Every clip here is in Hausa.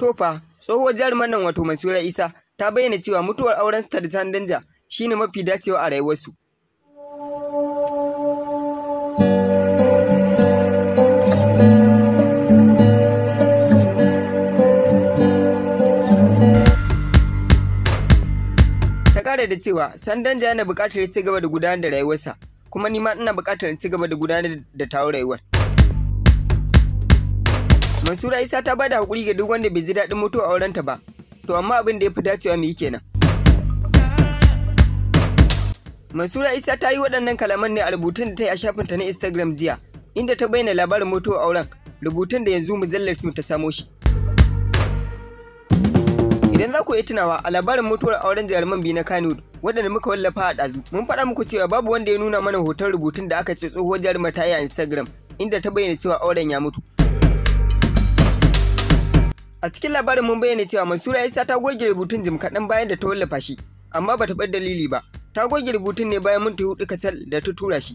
Tofa, tsohuwar jarumar nan wato Mansura Isa ta bayyana cewa mutuwar auren ta da Sandanja shine mafi dacewa a rayuwarsu. Ta ƙara da cewa Sandanja yana bukatar ya ci gaba da gudanar da rayuwarsa, kuma nima ma ina buƙatar ci gaba da gudanar da tawo rayuwar. Mansura Isa ta bada hakuri ga duk wanda bai ji daɗin mutuwa aurenta ba. To amma abin da ya fi dacewa mu yi kenan. Mansura Isa ta yi waɗannan kalaman ne a rubutun da ta yi a shafinta na Instagram jiya, inda ta bayyana labarin a auren, rubutun da yanzu mujallar fim ta samo shi. Idan za ku yi tunawa a labarin mutuwar auren jaruman biyu na Kano waɗanda muka wallafa a ɗazu, mun faɗa muku cewa babu wanda ya nuna mana hoton rubutun da aka ce tsohuwar jarumar ta yi a Instagram, inda ta bayyana cewa auren ya mutu. A cikin labarin mun bayyana cewa Mansura Isa ta goge rubutun jim kaɗan bayan da ta wallafa shi, amma ba ta bar dalili ba. Ta goge rubutun ne bayan mun minti hudu kacal da ta tura shi.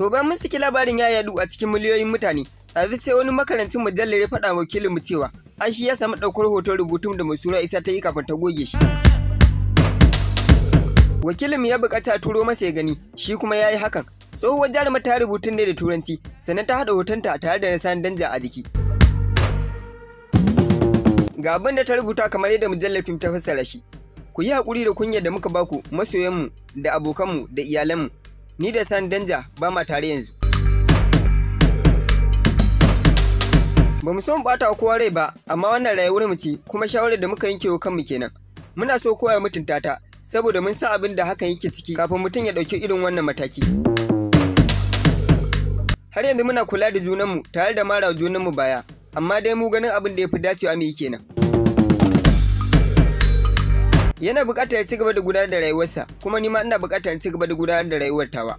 To bayan mun saki labarin ya yadu a cikin miliyoyin mutane, yanzu sai wani makarancin mujallar ya faɗa wakilinmu cewa an shi ya samu ɗaukar hoton rubutun da Mansura Isa ta yi kafin ta goge shi. wakilin ya bukata turo masa ya gani shi kuma ya yi hakan tsohuwar jarumar ta rubutun ne da turanci sannan ta haɗa hotonta tare da nisan danja a jiki ga abin da ta rubuta kamar yadda mujallar fim ta fassara shi ku yi haƙuri da kunya da muka baku masoyanmu da abokanmu da iyalanmu ni da san danja ba ma tare yanzu ba mu so mu bata kowa rai ba amma wannan rayuwar mu ce kuma shawarar da muka yanke wa kanmu kenan muna so kowa ya mutunta ta saboda mun san abin da hakan yake ciki kafin mutum ya ɗauki irin wannan mataki. Har yanzu muna kula da junanmu tare da mara junanmu baya, amma dai mu ganin abin da ya fi dacewa mu yi kenan. Yana buƙatar ya ci gaba da gudanar da rayuwarsa, kuma ni ma ina bukatar in ci gaba da gudanar da rayuwar tawa.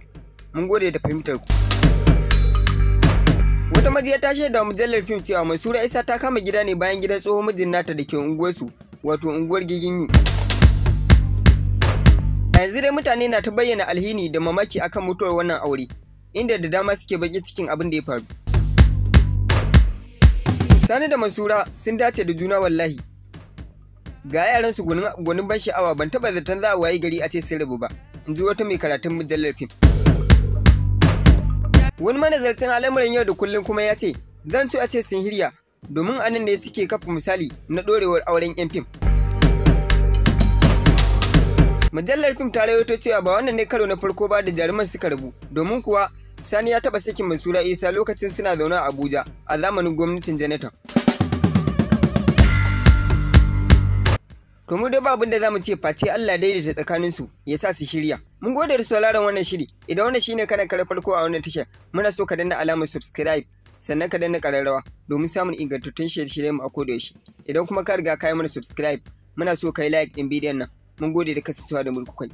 Mun gode da fahimtar ku. Wata maji ta shaida wa mujallar fim cewa Mansura Isa ta kama gida ne bayan gidan tsohon mijin nata da ke unguwarsu, wato unguwar Giginyu. a yanzu dai mutane na ta bayyana alhini da mamaki akan mutuwar wannan aure inda da dama suke baki cikin abin da ya faru sani da mansura sun dace da juna wallahi ga yaran su gwanin ban sha'awa ban taba zaton za a wayi gari a ce sun rabu ba in ji wata mai karatun mujallar fim wani manazartan al'amuran yau da kullum kuma ya ce zan ci a ce sun hirya domin anan ne suke kafa misali na ɗorewar auren yan fim Mujallar fim ta rawaito cewa ba wannan ne karo na farko ba da jaruman suka rabu, domin kuwa Sani ya taɓa sakin Mansura Isa lokacin suna zaune a Abuja a zamanin gwamnatin Janata. To mu dai ba da za mu ce face Allah daidaita tsakaninsu ya sa su shirya. Mun gode da sauraron wannan shiri, idan wannan shine kana kare farko a wannan tashar, muna so ka danna alamar subscribe sannan ka danna kararrawa domin samun ingantattun shirye-shiryen mu a koda yaushe. Idan kuma ka riga ka yi mana subscribe, muna so ka yi like ɗin bidiyon nan. Mun gode da kasancewa da mulkukai.